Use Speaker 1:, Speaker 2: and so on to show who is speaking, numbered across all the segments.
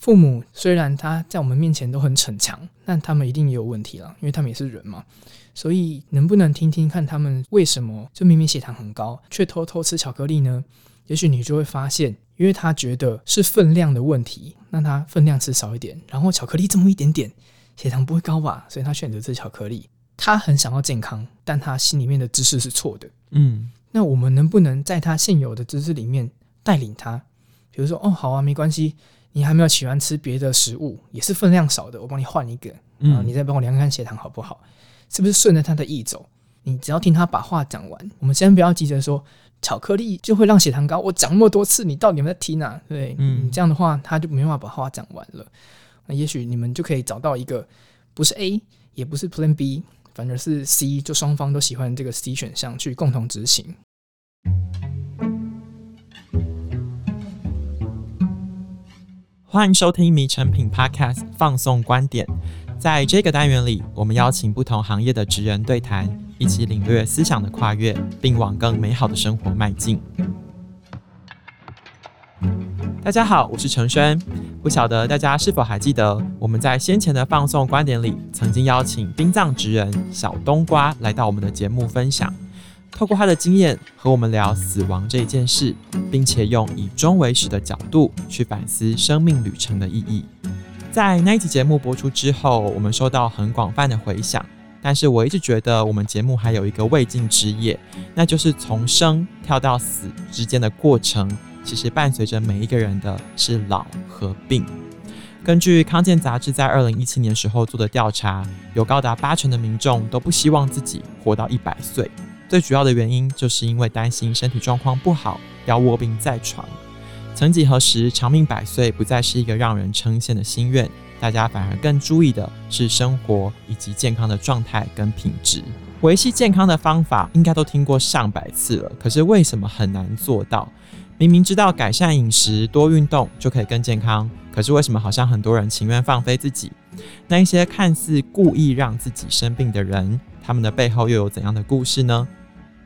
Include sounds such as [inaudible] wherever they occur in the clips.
Speaker 1: 父母雖然他在我們面前都很逞強，但他們一定也有問題了，因為他們也是人嘛。所以能不能聽聽看他們為什麼就明明血糖很高，卻偷偷吃巧克力呢？也許你就會發現，因為他覺得是分量的問題，那他分量吃少一點，然後巧克力這麼一點點，血糖不會高吧？所以他選擇吃巧克力。他很想要健康，但他心裡面的知識是錯的。嗯，那我們能不能在他現有的知識裡面帶領他？比如說，哦，好啊，沒關係。你還沒有喜歡吃別的食物，也是分量少的，我幫你換一個，嗯、啊，你再幫我量看血糖好不好？是不是順着他的意走？你只要聽他把話講完，我們先不要急着說巧克力就會讓血糖高。我講那麼多次，你到底有沒有在聽啊？對，嗯，嗯，這樣的話他就沒辦法把話講完了。那也許你們就可以找到一個不是 A 也不是 Plan B，反而是 C，就雙方都喜歡這個 C 選項去共同執行。
Speaker 2: 歡迎收聽《迷誠品 Podcast》放送觀點。在這個單元裡，我們邀請不同行業的職人對談，一起領略思想的跨越，並往更美好的生活邁進。大家好，我是承軒。不曉得大家是否還記得，我們在先前的放送觀點裡，曾經邀請殯葬職人小冬瓜來到我們的節目分享。透過他的經驗和我們聊死亡這一件事，並且用以終為始的角度去反思生命旅程的意義。在那一集節目播出之後，我們收到很廣泛的回響。但是我一直覺得我們節目還有一個未竟之業，那就是從生跳到死之間的過程，其實伴隨着每一個人的是老和病。根據康健雜誌在二零一七年時候做的調查，有高達八成的民眾都不希望自己活到一百歲。最主要的原因，就是因為擔心身體狀況不好，要臥病在床。曾幾何時，長命百歲不再是一個讓人稱羨的心願，大家反而更注意的是生活以及健康的狀態跟品質。維繫健康的方法，應該都聽過上百次了，可是為什麼很難做到？明明知道改善飲食、多運動就可以更健康，可是為什麼好像很多人情願放飛自己？那一些看似故意讓自己生病的人，他們的背後又有怎樣的故事呢？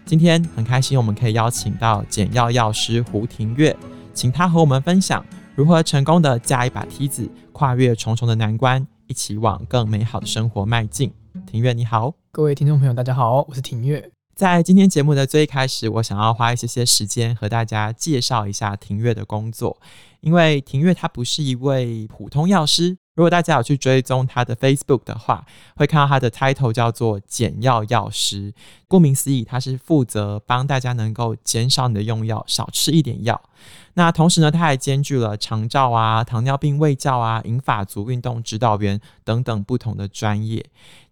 Speaker 2: 今天很開心，我們可以邀請到減藥藥師胡廷岳，請他和我們分享如何成功的架一把梯子，跨越重重的難關，一起往更美好的生活邁進。廷岳你好。
Speaker 1: 各位聽眾朋友大家好，我是廷岳。
Speaker 2: 在今天節目的最一開始，我想要花一些些時間和大家介紹一下廷岳的工作，因為廷岳他不是一位普通藥師。如果大家有去追蹤他的 Facebook 的話，會看到他的 title 叫做“減藥藥師”。顧名思義，他是負責幫大家能夠減少你的用藥，少吃一點藥。那同時呢，他還兼具了長照啊、糖尿病衛教啊、銀髮族運動指導員等等不同的專業。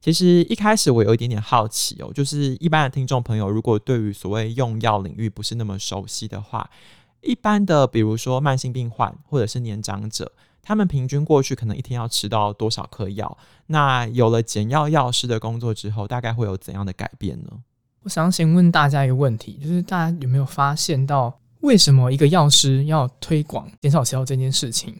Speaker 2: 其實一開始我有一點點好奇哦，就是一般的聽眾朋友，如果對於所謂用藥領域不是那麼熟悉的話，一般的比如說慢性病患或者是年長者。他們平均過去可能一天要吃到多少顆藥？那有了減藥藥師的工作之後，大概會有怎樣的改變呢？
Speaker 1: 我想先問大家一個問題，就是大家有沒有發現到，為什麼一個藥師要推廣減少吃藥這件事情？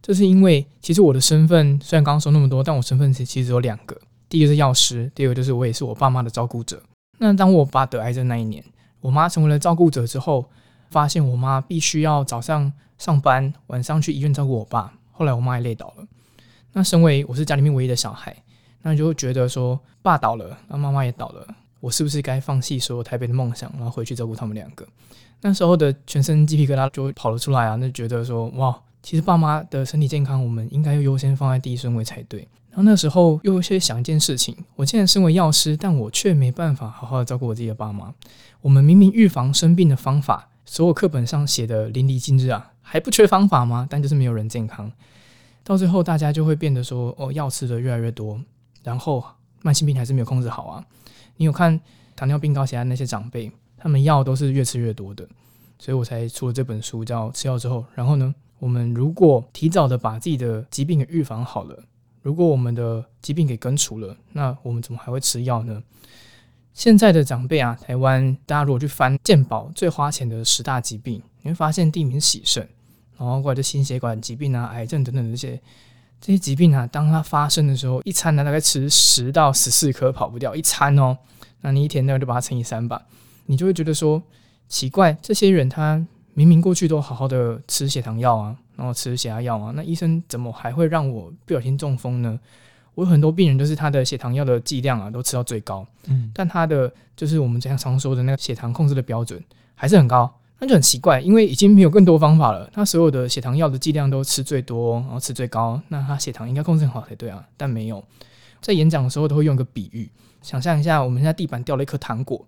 Speaker 1: 就是因為其實我的身份雖然剛剛說那麼多，但我身份其實只有兩個，第一個是藥師，第二個就是我也是我爸媽的照顧者。那當我爸得癌症那一年，我媽成為了照顧者之後，發現我媽必須要早上上班，晚上去醫院照顧我爸。後來我媽也累倒了，那身為我是家裡面唯一的小孩，那就覺得說爸倒了，那媽媽也倒了，我是不是該放棄所有台北的夢想，然後回去照顧他們兩個？那時候的全身雞皮疙瘩就跑了出來啊！那就覺得說哇，其實爸媽的身體健康，我們應該要優先放在第一順位才對。然後那時候又會想一件事情：我既然身為藥師，但我卻沒辦法好好照顧我自己的爸媽。我們明明預防生病的方法，所有課本上寫的淋漓盡致啊！還不缺方法嗎？但就是沒有人健康，到最後大家就會變得說：哦，藥吃的越來越多，然後慢性病還是沒有控制好啊！你有看糖尿病、高血壓那些長輩，他們藥都是越吃越多的，所以我才出了這本書，叫《吃藥之後》。然後呢，我們如果提早的把自己的疾病給預防好了，如果我們的疾病給根除了，那我們怎麼還會吃藥呢？現在的長輩啊，台灣大家如果去翻健保最花錢的十大疾病，你會發現第一名是腎。然後或者心血管疾病啊、癌症等等這些這些疾病啊，當它發生的時候，一餐呢、啊、大概吃十到十四顆，跑不掉一餐哦。那你一天呢，就把它乘以三吧，你就會覺得說奇怪，這些人他明明過去都好好的吃血糖藥啊，然後吃血壓藥啊，那醫生怎麼還會讓我不小心中風呢？我有很多病人就是他的血糖藥的劑量啊，都吃到最高，嗯，但他的就是我們經常常說的那個血糖控制的標準還是很高。那就很奇怪，因為已經沒有更多方法了。他所有的血糖藥的劑量都吃最多，然後吃最高，那他血糖應該控制很好才對啊，但沒有。在演講的時候都會用一個比喻，想象一下我們現在地板掉了一顆糖果，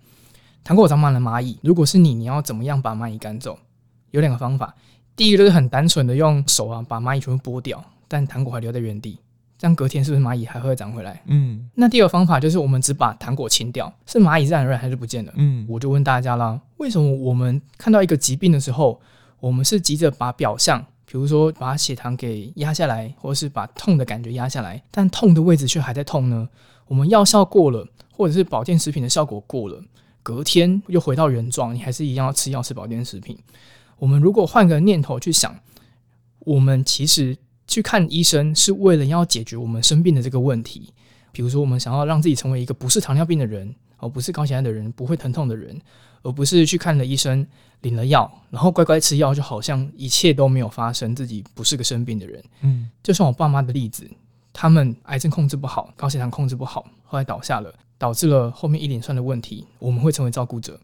Speaker 1: 糖果長滿了螞蟻。如果是你，你要怎麼樣把螞蟻趕走？有兩個方法，第一個就是很單純的用手啊把螞蟻全部剝掉，但糖果還留在原地。這樣隔天是不是螞蟻還會長回來？嗯，那第二個方法就是我們只把糖果清掉，是螞蟻自然而然還是不見了？嗯，我就問大家啦，為什麼我們看到一個疾病的時候，我們是急着把表象，比如說把血糖給壓下來，或者是把痛的感覺壓下來，但痛的位置卻還在痛呢？我們藥效過了，或者是保健食品的效果過了，隔天又回到原狀，你還是一樣要吃藥吃保健食品。我們如果換個念頭去想，我們其實。去看醫生是為了要解決我們生病的這個問題。比如說，我們想要讓自己成為一個不是糖尿病的人，而不是高血壓的人，不會疼痛的人，而不是去看了醫生，領了藥，然後乖乖吃藥，就好像一切都沒有發生，自己不是個生病的人。嗯，就像我爸媽的例子，他們癌症控制不好，高血糖控制不好，後來倒下了，導致了後面一連串的問題。我們會成為照顧者。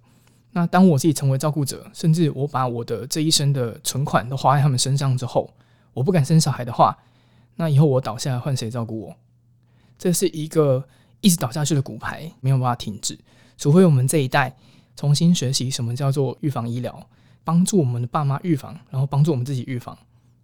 Speaker 1: 那當我自己成為照顧者，甚至我把我的這一生的存款都花在他們身上之後。我不敢生小孩的話，那以後我倒下來，換誰照顧我？這是一個一直倒下去的骨牌，沒有辦法停止。除非我們這一代重新學習什麼叫做預防醫療，幫助我們的爸媽預防，然後幫助我們自己預防，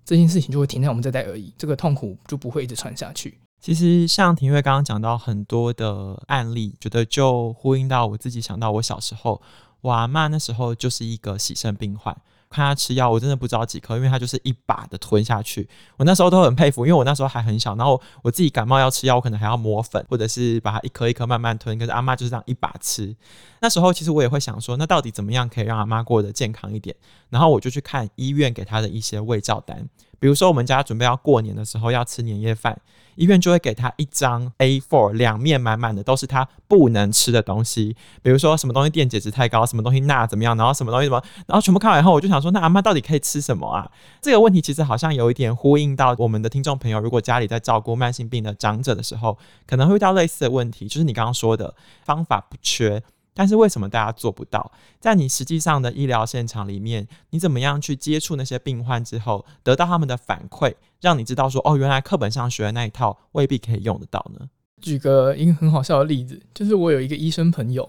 Speaker 1: 這件事情就會停在我們這代而已。這個痛苦就不會一直傳下去。
Speaker 2: 其實，像廷岳剛剛講到很多的案例，覺得就呼應到我自己想到我小時候，我阿嬤那時候就是一個洗腎病患。看他吃藥，我真的不知道幾顆，因為他就是一把的吞下去。我那時候都很佩服，因為我那時候還很小，然後我自己感冒要吃藥，我可能還要磨粉或者是把它一顆一顆慢慢吞，可是阿媽就是這樣一把吃。那時候其實我也會想說，那到底怎麼樣可以讓阿媽過得健康一點？然後我就去看醫院給他的一些衛教單。比如說，我們家準備要過年的時候要吃年夜飯，醫院就會給他一張 A4，兩面滿滿的都是他不能吃的東西。比如說，什麼東西電解質太高，什麼東西鈉怎麼樣，然後什麼東西什麼，然後全部看完後，我就想說，那阿嬤到底可以吃什麼啊？這個問題其實好像有一點呼應到我們的聽眾朋友，如果家裡在照顧慢性病的長者的時候，可能會遇到類似的問題，就是你剛剛說的方法不缺，但是為什麼大家做不到？在你實際上的醫療現場裡面，你怎麼樣去接觸那些病患之後，得到他們的反饋，讓你知道說，哦，原來課本上學的那一套未必可以用得到呢？
Speaker 1: 舉個一個很好笑的例子，就是我有一個醫生朋友，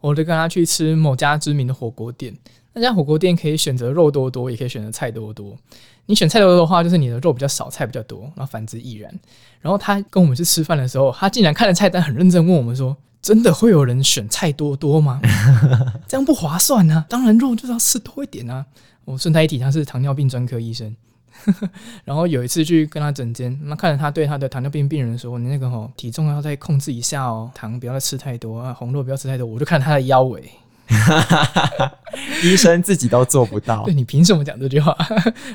Speaker 1: 我就跟他去吃某家知名的火鍋店。那家火鍋店可以選擇肉多多，也可以選擇菜多多。你選菜多多的話，就是你的肉比較少，菜比較多。那反之亦然。然後他跟我們去吃飯的時候，他竟然看了菜單很認真，問我們說，真的會有人選菜多多嗎？這樣不划算啊。當然肉就是要吃多一點啊。我順帶一提，他是糖尿病專科醫生。呵呵，然後有一次去跟他診間，那看着他對他的糖尿病病人說：“你那個吼、哦、體重要再控制一下哦，糖不要再吃太多，啊，紅肉不要吃太多。”我就看了他的腰圍，
Speaker 2: [laughs] 醫生自己都做不到。對，
Speaker 1: 你憑什麼講這句話？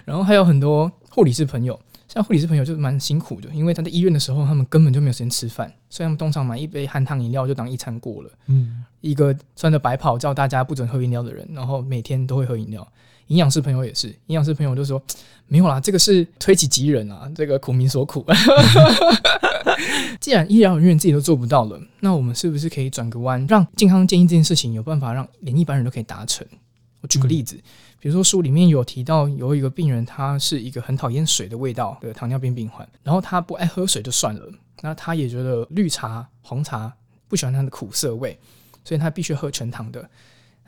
Speaker 1: 然後還有很多護理師朋友。像護理師朋友就是蠻辛苦的，因為他在醫院的時候，他們根本就沒有時間吃飯，所以他們通常買一杯含糖飲料就當一餐過了。嗯，一個穿着白袍叫大家不准喝飲料的人，然後每天都會喝飲料。營養師朋友也是，營養師朋友就說：“沒有啦，這個是推己及人啊，這個苦民所苦。 [laughs] ” [laughs] 既然醫療人員自己都做不到了，那我們是不是可以轉個彎，讓健康建議這件事情有辦法讓連一般人都可以達成？我舉個例子，嗯、比如說，書裡面有提到有一個病人，他是一個很討厭水的味道的糖尿病病患，然後他不愛喝水就算了，那他也覺得綠茶、紅茶不喜歡它的苦澀味，所以他必須喝全糖的。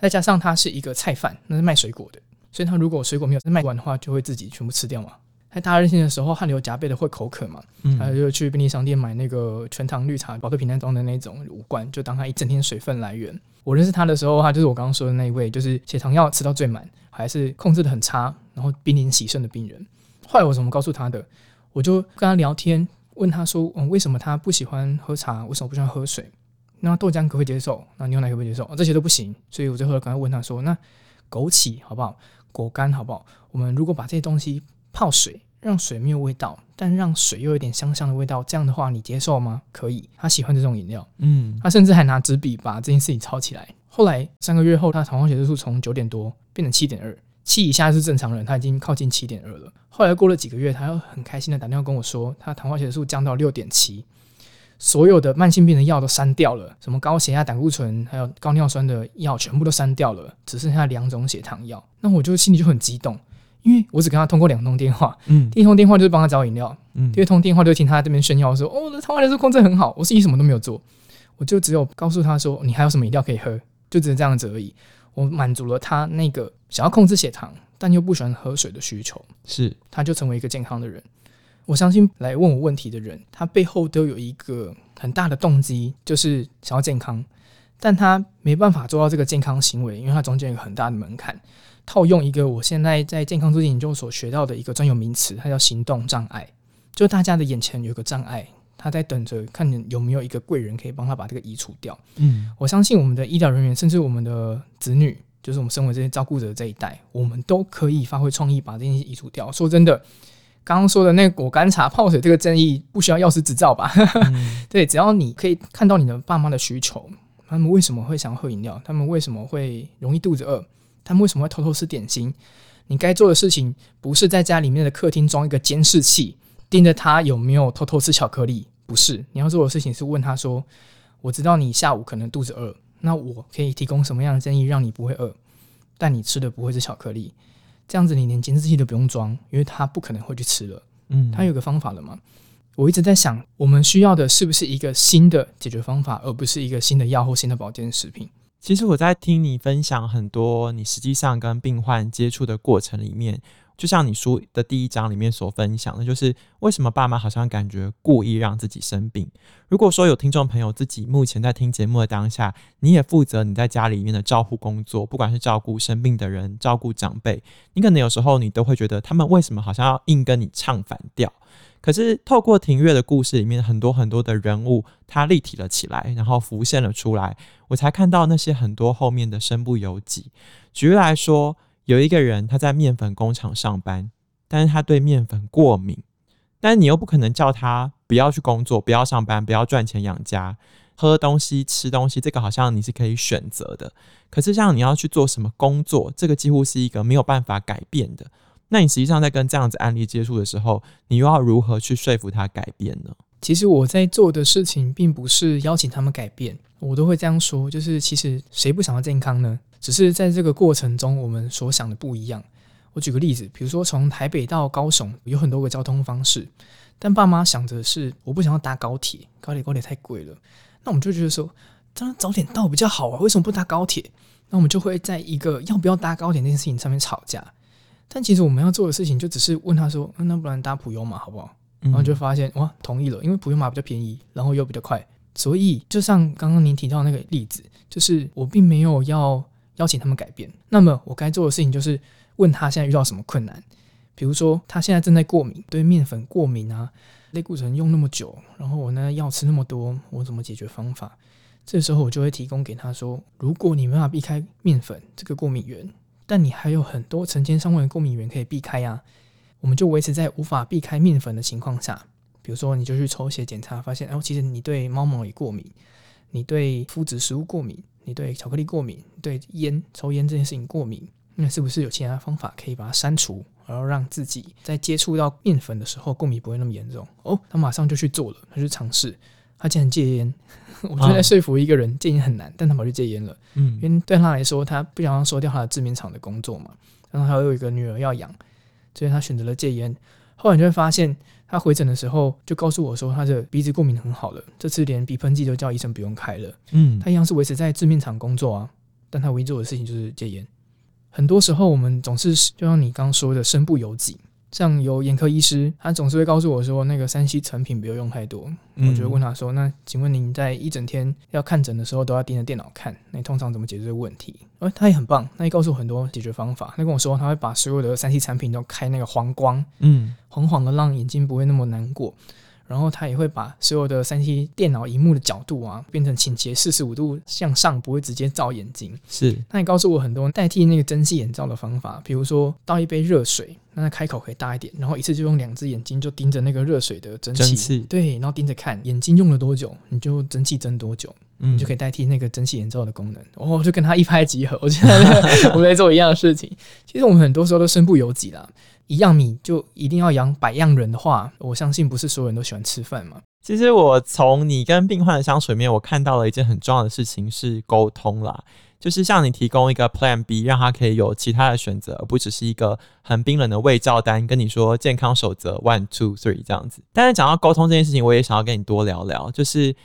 Speaker 1: 再加上他是一個菜販，那是賣水果的，所以他如果水果沒有賣完的話，就會自己全部吃掉嘛。在大熱天的時候，汗流浹背的會口渴嘛，嗯、他就去便利商店買那個全糖綠茶，寶特瓶裝的那種五罐，就當他一整天水分來源。我認識他的時候，他就是我剛剛說的那一位，就是血糖藥吃到最滿，還是控制得很差，然後瀕臨洗腎的病人。後來我怎麼告訴他的？我就跟他聊天，問他說：“嗯，為什麼他不喜歡喝茶？為什麼不喜歡喝水？那豆漿可不可以接受？那牛奶可不可以接受？哦，這些都不行。”所以我最後就後來趕快問他說：“那枸杞好不好？果乾好不好？我們如果把這些東西泡水？”讓水沒有味道，但讓水又有點香香的味道，這樣的話你接受嗎？可以，他喜歡這種飲料。嗯，他甚至還拿紙筆把這件事情抄起來。後來三個月後，他糖化血色素從九點多變成七點二，七以下是正常人，他已經靠近七點二了。後來過了幾個月，他又很開心的打電話跟我說，他糖化血色素降到六點七，所有的慢性病的藥都刪掉了，什麼高血壓、膽固醇還有高尿酸的藥全部都刪掉了，只剩下兩種血糖藥。那我就心裡就很激動。因為我只跟他通過兩通電話，嗯、第一通電話就是幫他找飲料，嗯、第二通電話就聽他這邊炫耀說：“嗯、哦，他晚上控制很好。”我是一什麼都沒有做，我就只有告訴他說：“你還有什麼飲料可以喝？”就只是這樣子而已。我滿足了他那個想要控制血糖但又不喜歡喝水的需求，是他就成為一個健康的人。我相信來問我問題的人，他背後都有一個很大的動機，就是想要健康。但他沒辦法做到這個健康行為，因為它中間有很大的門檻。套用一個我現在在健康促進研究所學到的一個專有名詞，它叫行動障礙，就大家的眼前有一個障礙，他在等着看你有沒有一個貴人可以幫他把這個移除掉。嗯，我相信我們的醫療人員，甚至我們的子女，就是我們身為這些照顧者這一代，我們都可以發揮創意把這件事移除掉。說真的，剛剛說的那個果乾茶泡水這個爭議，不需要藥師執照吧？ [laughs] 嗯、對，只要你可以看到你的爸媽的需求。他們為什麼會想要喝飲料？他們為什麼會容易肚子餓？他們為什麼會偷偷吃點心？你該做的事情不是在家裡面的客廳裝一個監視器，盯着他有沒有偷偷吃巧克力。不是，你要做的事情是問他說：“我知道你下午可能肚子餓，那我可以提供什麼樣的建議，讓你不會餓，但你吃的不會是巧克力？這樣子你連監視器都不用裝，因為他不可能會去吃了。嗯,嗯，他有個方法了嗎？”我一直在想，我們需要的是不是一個新的解決方法，而不是一個新的藥或新的保健食品？
Speaker 2: 其實我在聽你分享很多，你實際上跟病患接觸的過程裡面，就像你書的第一章裡面所分享的，就是為什麼爸媽好像感覺故意讓自己生病。如果說有聽眾朋友自己目前在聽節目的當下，你也負責你在家裡面的照護工作，不管是照顧生病的人、照顧長輩，你可能有時候你都會覺得他們為什麼好像要硬跟你唱反調。可是，透過廷岳的故事裡面，很多很多的人物，他立體了起來，然後浮現了出來。我才看到那些很多後面的身不由己。舉例來說，有一個人他在面粉工廠上班，但是他對面粉過敏。但你又不可能叫他不要去工作、不要上班、不要賺錢養家、喝東西、吃東西。這個好像你是可以選擇的。可是，像你要去做什麼工作，這個幾乎是一個沒有辦法改變的。那你實際上在跟這樣子案例接觸的時候，你又要如何去說服他改變呢？
Speaker 1: 其實我在做的事情並不是邀請他們改變，我都會這樣說，就是其實誰不想要健康呢？只是在這個過程中，我們所想的不一樣。我舉個例子，比如說從台北到高雄有很多個交通方式，但爸媽想着是我不想要搭高鐵，高鐵高鐵太貴了。那我們就覺得說，當然早點到比較好啊，為什麼不搭高鐵？那我們就會在一個要不要搭高鐵這件事情上面吵架。但其實我們要做的事情就只是問他說：“嗯、那不然搭普悠瑪好不好？”然後就發現、嗯、哇，同意了，因為普悠瑪比較便宜，然後又比較快。所以就像剛剛您提到的那個例子，就是我並沒有要邀請他們改變。那麼我該做的事情就是問他現在遇到什麼困難，比如說他現在正在過敏，對面粉過敏啊，類固醇用那麼久，然後我呢藥吃那麼多，我怎麼解決方法？這個時候我就會提供給他說：“如果你沒辦法避開面粉這個過敏源。”但你還有很多成千上萬的過敏原可以避開呀，啊，我們就維持在無法避開麵粉的情況下，比如說你就去抽血檢查，發現，哦，哎，其實你對貓毛也過敏，你對麩質食物過敏，你對巧克力過敏，對煙，抽煙這件事情過敏，那是不是有其他方法可以把它刪除，然後讓自己在接觸到麵粉的時候過敏不會那麼嚴重。哦，他馬上就去做了，他就嘗試。他竟然戒菸， [laughs] 我正在說服一個人，啊，戒菸很難，但他跑去戒菸了。嗯，因為對他來說，他不想要丟掉他的製麵廠的工作嘛，然後他又有一個女兒要養，所以他選擇了戒菸。後來就會發現，他回診的時候就告訴我說，他的鼻子過敏很好了，這次連鼻噴劑都叫醫生不用開了。嗯，他一樣是維持在製麵廠工作啊，但他唯一做的事情就是戒菸。很多時候，我們總是就像你剛剛說的，身不由己。像有眼科醫師，他總是會告訴我說，那個三 C 產品不要用太多。嗯、我就問他說：“那請問您在一整天要看診的時候，都要盯着電腦看，那你通常怎麼解決這個問題？”欸、他也很棒，他也告訴我很多解決方法。他跟我說，他會把所有的三 C 產品都開那個黃光，嗯，黃黃的，讓眼睛不會那麼難過。然後他也會把所有的三星電腦熒幕的角度啊，變成傾斜四十五度向上，不會直接照眼睛。是，那你告訴我很多代替那個蒸汽眼罩的方法，比如說倒一杯熱水，那它開口可以大一點，然後一次就用兩隻眼睛就盯着那個熱水的蒸汽，蒸汽，對，然後盯着看，眼睛用了多久，你就蒸汽蒸多久。嗯，就可以代替那個蒸氣眼罩的功能，然後、嗯 oh, 就跟他一拍即合。我覺得我們在做一樣的事情。其實我們很多時候都身不由己啦。一樣米就一定要養百樣人的話，我相信不是所有人都喜歡吃飯嘛。
Speaker 2: 其實我從你跟病患的相處裡面，我看到了一件很重要的事情，是溝通啦。就是像你提供一個 Plan B，讓他可以有其他的選擇，而不只是一個很冰冷的衛教單，跟你說健康守則 One Two Three 這樣子。但是講到溝通這件事情，我也想要跟你多聊聊，就是。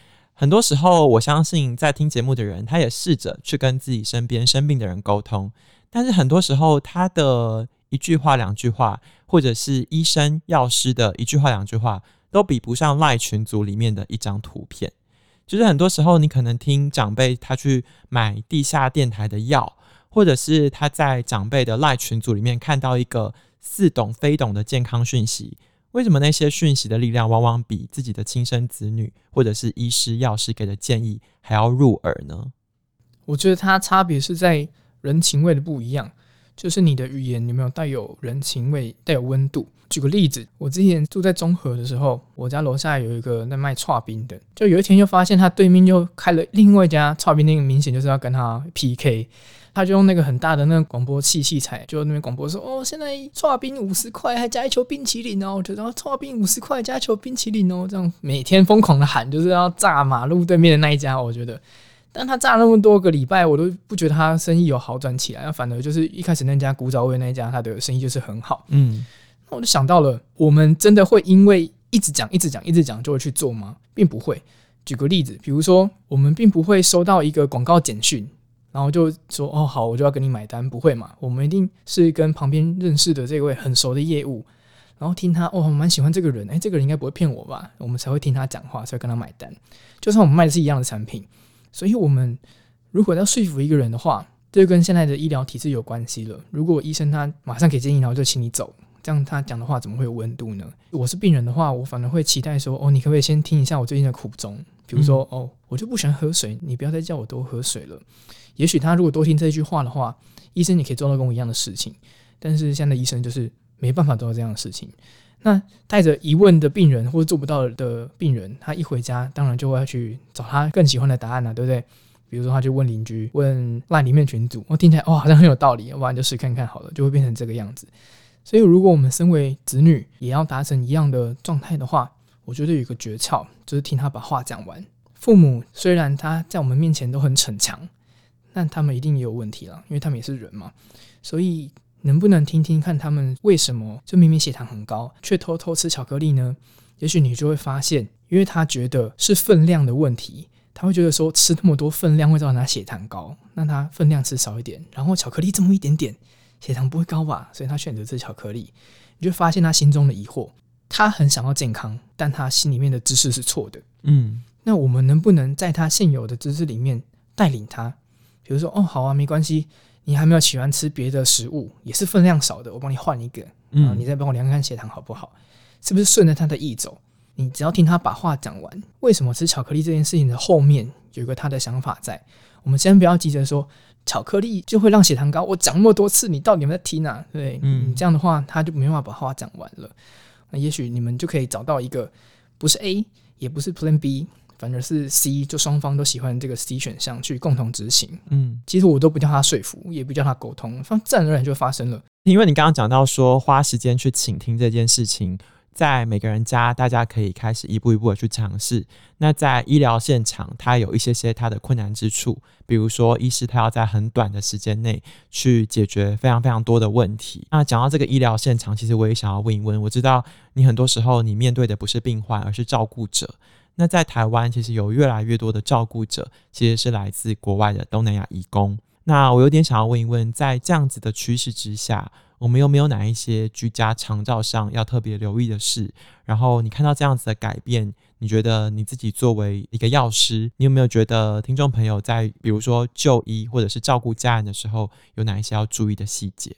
Speaker 2: 很多時候，我相信在聽節目的人，他也試着去跟自己身邊生病的人溝通，但是很多時候，他的一句話、兩句話，或者是醫生、藥師的一句話、兩句話，都比不上 LINE 群組裡面的一張圖片。就是很多時候，你可能聽長輩他去買地下電台的藥，或者是他在長輩的 LINE 群組裡面看到一個似懂非懂的健康訊息。為什麼那些訊息的力量往往比自己的親生子女或者是醫師藥師給的建議還要入耳呢？
Speaker 1: 我覺得它差別是在人情味的不一樣，就是你的語言有沒有帶有人情味、帶有溫度。舉個例子，我之前住在中和的時候，我家樓下有一個在賣剉冰的，就有一天又發現他對面又開了另外一家剉冰，那個明顯就是要跟他 PK。他就用那個很大的那個廣播器器材，就那邊廣播說：“哦，現在剉冰五十塊，還加一球冰淇淋哦！”我覺得“哦，剉冰五十塊加一球冰淇淋哦！”這樣每天瘋狂的喊，就是要炸馬路對面的那一家。我覺得，但他炸那麼多個禮拜，我都不覺得他生意有好轉起來。那反而就是一開始那家古早味那一家，他的生意就是很好。嗯，那我就想到了，我們真的會因為一直講、一直講、一直講就會去做嗎？並不會。舉個例子，比如說，我們並不會收到一個廣告簡訊。然後就說哦，好，我就要跟你買單，不會嘛？我們一定是跟旁邊認識的這位很熟的業務，然後聽他，哦，我蠻喜歡這個人，哎，這個人應該不會騙我吧？我們才會聽他講話，才會跟他買單。就算我們賣的是一樣的產品，所以我們如果要說服一個人的話，這跟現在的醫療體制有關係了。如果醫生他馬上給建議，然後就請你走。像他講的話，怎麼會有溫度呢？我是病人的話，我反而會期待說：哦，你可不可以先聽一下我最近的苦衷？比如說：嗯、哦，我就不喜歡喝水，你不要再叫我多喝水了。也許他如果多聽這句話的話，醫生你可以做到跟我一樣的事情。但是現在醫生就是沒辦法做到這樣的事情。那帶着疑問的病人或者做不到的病人，他一回家，當然就會去找他更喜歡的答案了，啊，對不對？比如說，他就問鄰居，問 LINE 裡面群組。我聽起來哇，好、哦、像很有道理，我反正就試看看好了，就會變成這個樣子。所以，如果我們身為子女也要達成一樣的狀態的話，我覺得有一個訣竅就是聽他把話講完。父母雖然他在我們面前都很逞強，但他們一定也有問題了，因為他們也是人嘛。所以，能不能聽聽看他們為什麼就明明血糖很高，卻偷偷偷吃巧克力呢？也許你就會發現，因為他覺得是分量的問題，他會覺得說吃那麼多分量會造成他血糖高，那他分量吃少一點，然後巧克力這麼一點點。血糖不會高吧？所以他選擇吃巧克力，你就發現他心中的疑惑。他很想要健康，但他心裡面的知識是錯的。嗯，那我們能不能在他現有的知識裡面帶領他？比如說，哦，好啊，沒關係，你還沒有喜歡吃別的食物，也是分量少的，我幫你換一個。嗯，你再幫我量量血糖好不好？嗯、是不是順着他的意走？你只要聽他把話講完，為什麼吃巧克力這件事情的後面有一個他的想法在？我們先不要急着說。巧克力就會讓血糖高，我講那麼多次，你到底有沒有聽啊？對，嗯，嗯，這樣的話他就沒辦法把話講完了。那也許你們就可以找到一個不是 A 也不是 Plan B，反而是 C，就雙方都喜歡這個 C 選項去共同執行。嗯，其實我都不叫他說服，也不叫他溝通，但自然而然就發生了。
Speaker 2: 因為你剛剛講到說花時間去傾聽這件事情。在每個人家，大家可以開始一步一步的去嘗試。那在醫療現場，它有一些些它的困難之處，比如說，醫師他要在很短的時間內去解決非常非常多的問題。那講到這個醫療現場，其實我也想要問一問，我知道你很多時候你面對的不是病患，而是照顧者。那在台灣，其實有越來越多的照顧者其實是來自國外的東南亞移工。那我有點想要問一問，在這樣子的趨勢之下。我們有沒有哪一些居家長照上要特別留意的事？然後你看到這樣子的改變，你覺得你自己作為一個藥師，你有沒有覺得聽眾朋友在比如說就醫或者是照顧家人的時候，有哪一些要注意的細節？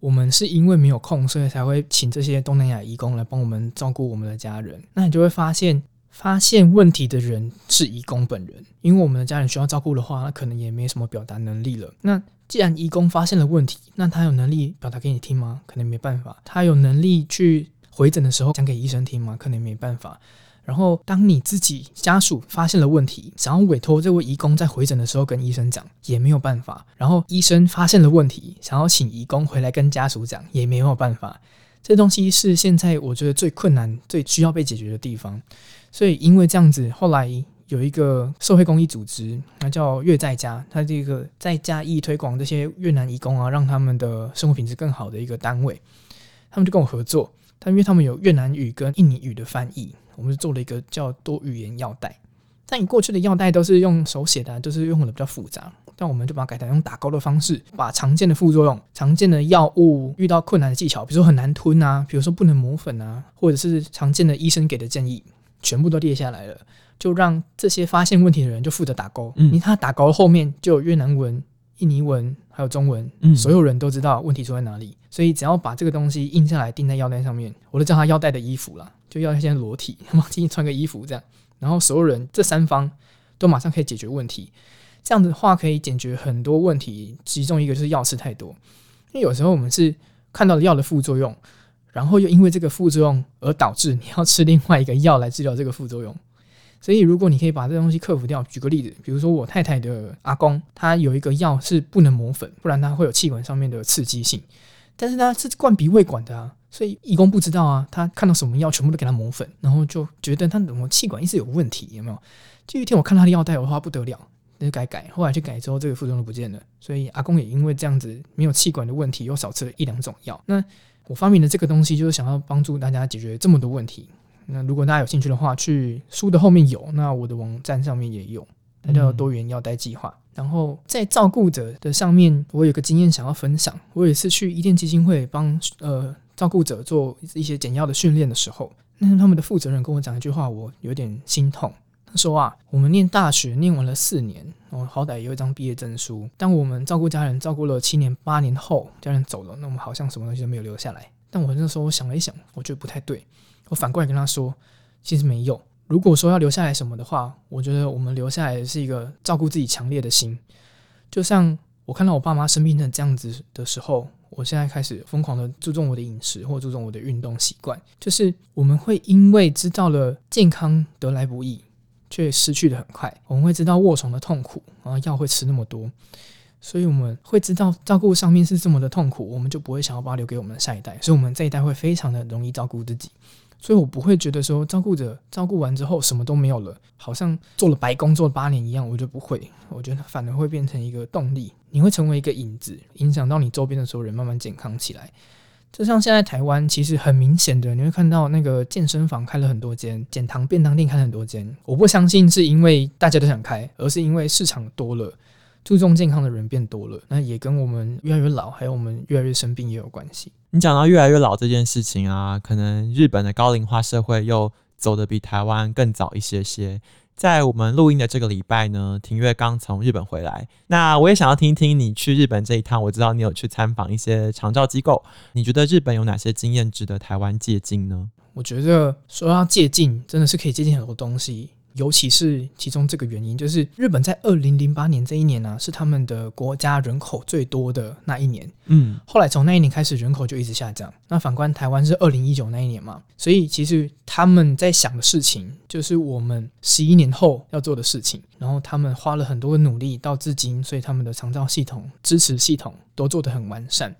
Speaker 1: 我們是因為沒有空，所以才會請這些東南亞移工來幫我們照顧我們的家人。那你就會發現。發現問題的人是移工本人，因為我們的家人需要照顧的話，他可能也沒什麼表達能力了。那既然移工發現了問題，那他有能力表達給你聽嗎？可能沒辦法。他有能力去回診的時候講給醫生聽嗎？可能沒辦法。然後當你自己家屬發現了問題，想要委托這位移工在回診的時候跟醫生講，也沒有辦法。然後醫生發現了問題，想要請移工回來跟家屬講，也沒有辦法。這東西是現在我覺得最困難、最需要被解決的地方。所以，因為這樣子，後來有一個社會公益組織，那叫越在家，它這個在嘉義推廣這些越南移工啊，讓他們的生活品質更好的一個單位，他們就跟我合作。但因為他們有越南語跟印尼語的翻譯，我們就做了一個叫多語言藥袋。但你過去的藥袋都是用手寫的，都、就是用的比較複雜，但我們就把它改成用打勾的方式，把常見的副作用、常見的藥物遇到困難的技巧，比如說很難吞啊，比如說不能磨粉啊，或者是常見的醫生給的建議。全部都列下來了，就讓這些發現問題的人就負責打勾。嗯、你看打勾後面就有越南文、印尼文，還有中文，嗯、所有人都知道問題出在哪裡。所以只要把這個東西印下來，釘在腰帶上面，我都叫他腰帶的衣服了，就腰帶先裸體，然後自己穿個衣服這樣。然後所有人這三方都馬上可以解決問題。這樣的話可以解決很多問題，其中一個就是藥吃太多，因為有時候我們是看到的藥的副作用。然後又因為這個副作用而導致你要吃另外一個藥來治療這個副作用，所以如果你可以把這東西克服掉，舉個例子，比如說我太太的阿公，他有一個藥是不能磨粉，不然他會有氣管上面的刺激性，但是他是灌鼻胃管的啊，所以義工不知道啊，他看到什麼藥全部都給他磨粉，然後就覺得他怎麼氣管一直有問題，有沒有？就一天我看他的藥袋的話不得了，那就改改，後來去改之後這個副作用都不見了，所以阿公也因為這樣子沒有氣管的問題，又少吃了一兩種藥，那。我發明的這個東西，就是想要幫助大家解決這麼多問題。那如果大家有興趣的話，去書的後面有，那我的網站上面也有，它叫多元藥袋計劃。嗯、然後在照顧者的上面，我有個經驗想要分享。我有一次去伊甸基金會幫呃照顧者做一些減藥的訓練的時候，那他們的負責人跟我講一句話，我有點心痛。他說啊，我們念大學念完了四年，我、哦、好歹也有一張畢業證書。當我們照顧家人照顧了七年八年後，家人走了，那我們好像什麼東西都沒有留下來。但我那時候我想了一想，我覺得不太對。我反過來跟他說，其實沒有。如果說要留下來什麼的話，我覺得我們留下來是一個照顧自己強烈的心。就像我看到我爸媽生病成這樣子的時候，我現在開始瘋狂的注重我的飲食或注重我的運動習慣。就是我們會因為知道了健康得來不易，卻失去的很快，我們會知道臥床的痛苦，然後藥會吃那麼多，所以我們會知道照顧上面是這麼的痛苦，我們就不會想要把它留給我們的下一代，所以我們這一代會非常的容易照顧自己，所以我不會覺得說照顧者照顧完之後什麼都沒有了，好像做了白工作八年一樣，我就不會，我覺得反而會變成一個動力，你會成為一個影子，影響到你周邊的所有人慢慢健康起來。就像現在台灣，其實很明顯的，你會看到那個健身房開了很多間，減糖便當店開了很多間。我不相信是因為大家都想開，而是因為市場多了，注重健康的人變多了。那也跟我們越來越老，還有我們越來越生病也有關係。
Speaker 2: 你講到越來越老這件事情啊，可能日本的高齡化社會又走得比台灣更早一些些。在我們錄音的這個禮拜呢，廷岳剛從日本回來。那我也想要聽一聽你去日本這一趟，我知道你有去參訪一些長照機構，你覺得日本有哪些經驗值得台灣借鑑呢？
Speaker 1: 我覺得說要借鑑，真的是可以借鑑很多東西。尤其是其中這個原因，就是日本在二零零八年這一年呢，啊，是他們的國家人口最多的那一年。嗯，後來從那一年開始，人口就一直下降。那反觀台灣是二零一九那一年嘛，所以其實他們在想的事情就是我們十一年後要做的事情。然後他們花了很多的努力到至今，所以他們的長照系統、支持系統都做得很完善。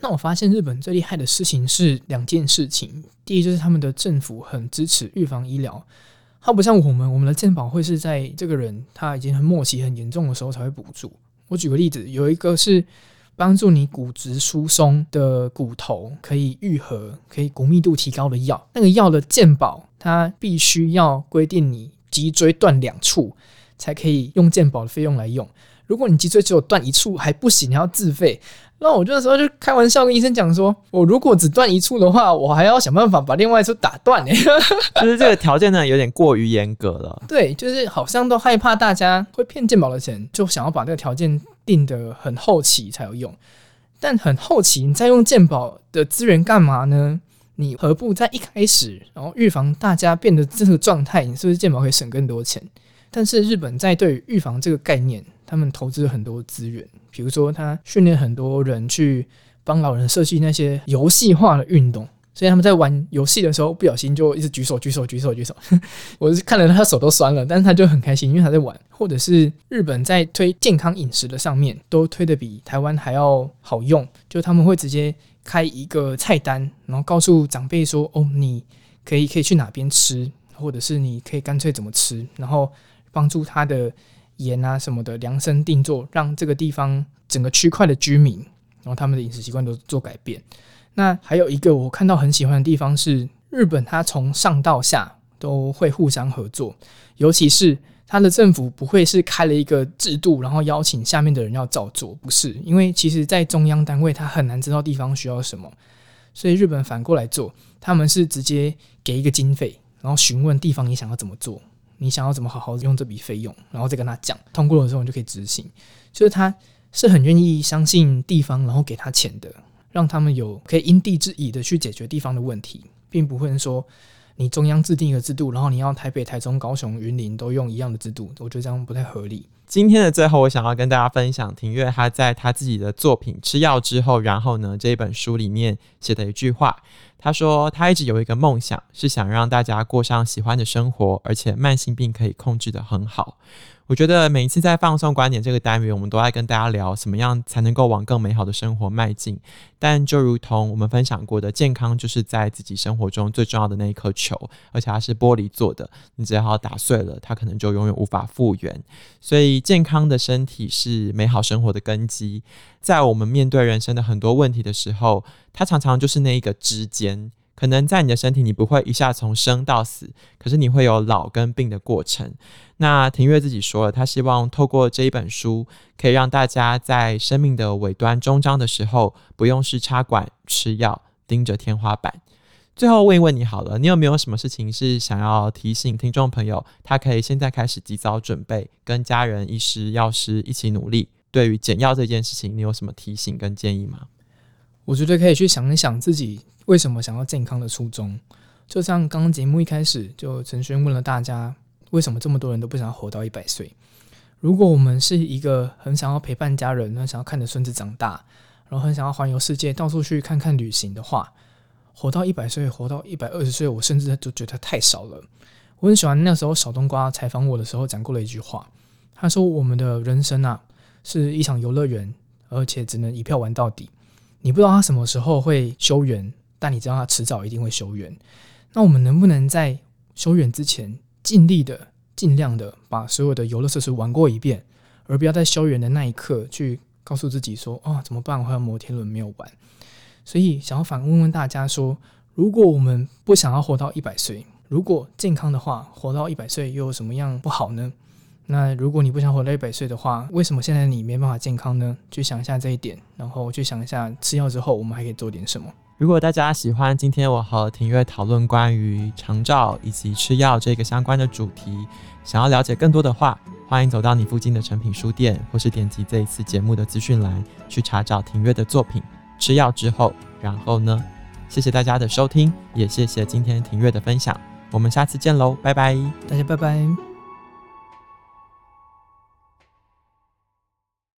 Speaker 1: 那我發現日本最厲害的事情是兩件事情，第一就是他們的政府很支持預防醫療。它不像我們，我們的健保會是在這個人他已經很末期、很嚴重的時候才會補助。我舉個例子，有一個是幫助你骨質疏鬆的骨頭可以愈合、可以骨密度提高的藥，那個藥的健保它必須要規定你脊椎斷兩處才可以用健保的費用來用。如果你脊椎只有斷一處還不行，你要自費。那我個時候就開玩笑跟醫生講說，我如果只斷一處的話，我還要想辦法把另外一處打斷呢、欸。
Speaker 2: [laughs] 就是這個條件呢，有點過於嚴格了。 [laughs]
Speaker 1: 對，就是好像都害怕大家會騙鑑寶的錢，就想要把這個條件定得很後期才有用。但很後期，你在用鑑寶的資源幹嘛呢？你何不在一開始，然後預防大家變得這個狀態？你是不是鑑寶可以省更多錢？但是日本在對預防這個概念，他們投資很多資源，比如說他訓練很多人去幫老人設計那些遊戲化的運動，所以他們在玩遊戲的時候不小心就一直舉手舉手舉手舉手，舉手舉手 [laughs] 我是看了他手都酸了，但是他就很開心，因為他在玩。或者是日本在推健康飲食的上面都推得比台灣還要好用，就他們會直接開一個菜單，然後告訴長輩說：“哦，你可以可以去哪邊吃，或者是你可以乾脆怎麼吃，然後幫助他的。”鹽啊，什麼的量身定做，讓這個地方整個區塊的居民，然後他們的飲食習慣都做改變。那還有一個我看到很喜歡的地方是，日本它從上到下都會互相合作，尤其是它的政府不會是開了一個制度，然後邀請下面的人要照做，不是，因為其實在中央單位他很難知道地方需要什麼，所以日本反過來做，他們是直接給一個經費，然後詢問地方你想要怎麼做，你想要怎麼好好用這筆費用，然後再跟他講通過了之後，你就可以執行。就是他是很願意相信地方，然後給他錢的，讓他們有可以因地制宜的去解決地方的問題，並不會說。你中央制定一個制度，然後你要台北、台中、高雄、雲林都用一樣的制度，我覺得這樣不太合理。
Speaker 2: 今天的最後，我想要跟大家分享，廷岳他在他自己的作品《吃藥之後，然後呢？》這一本書裡面寫的一句話，他說他一直有一個夢想，是想讓大家過上喜歡的生活，而且慢性病可以控制得很好。我覺得每一次在放送觀點這個單元，我們都在跟大家聊什麼樣才能夠往更美好的生活邁進。但就如同我們分享過的，健康就是在自己生活中最重要的那一顆球，而且它是玻璃做的，你只要打碎了，它可能就永遠無法復原。所以，健康的身體是美好生活的根基。在我們面對人生的很多問題的時候，它常常就是那一個支點。可能在你的身體，你不會一下從生到死，可是你會有老跟病的過程。那廷岳自己說了，他希望透過這一本書，可以讓大家在生命的尾端終章的時候，不用是插管、吃藥、盯着天花板。最後問一問你好了，你有沒有什麼事情是想要提醒聽眾朋友，他可以現在開始及早準備，跟家人、醫師、藥師一起努力？對於減藥這件事情，你有什麼提醒跟建議嗎？
Speaker 1: 我覺得可以去想一想自己。為什麼想要健康的初衷？就像剛剛節目一開始就承軒問了大家，為什麼這麼多人都不想要活到一百歲？如果我們是一個很想要陪伴家人，很想要看着孫子長大，然後很想要環遊世界，到處去看看旅行的話，活到一百歲，活到一百二十歲，我甚至就覺得太少了。我很喜歡那時候小冬瓜採訪我的時候講過了一句話，他說：“我們的人生啊，是一場遊樂園，而且只能一票玩到底。你不知道他什麼時候會休園。”但你知道他遲早一定會休園，那我們能不能在休園之前盡力的、盡量的把所有的遊樂設施玩過一遍，而不要在休園的那一刻去告訴自己說：“哦，怎麼辦？我好像摩天輪沒有玩。”所以，想要反問問大家說：如果我們不想要活到一百歲，如果健康的話，活到一百歲又有什麼樣不好呢？那如果你不想活到一百歲的話，為什麼現在你沒辦法健康呢？去想一下這一點，然後去想一下吃藥之後我們還可以做點什
Speaker 2: 麼。如果大家喜歡今天我和廷岳討論關於長照以及吃藥這個相關的主題，想要了解更多的話，歡迎走到你附近的誠品書店，或是點擊這一次節目的資訊欄去查找廷岳的作品。吃藥之後，然後呢？謝謝大家的收聽，也謝謝今天廷岳的分享。我們下次見嘍，拜拜，
Speaker 1: 大家拜拜。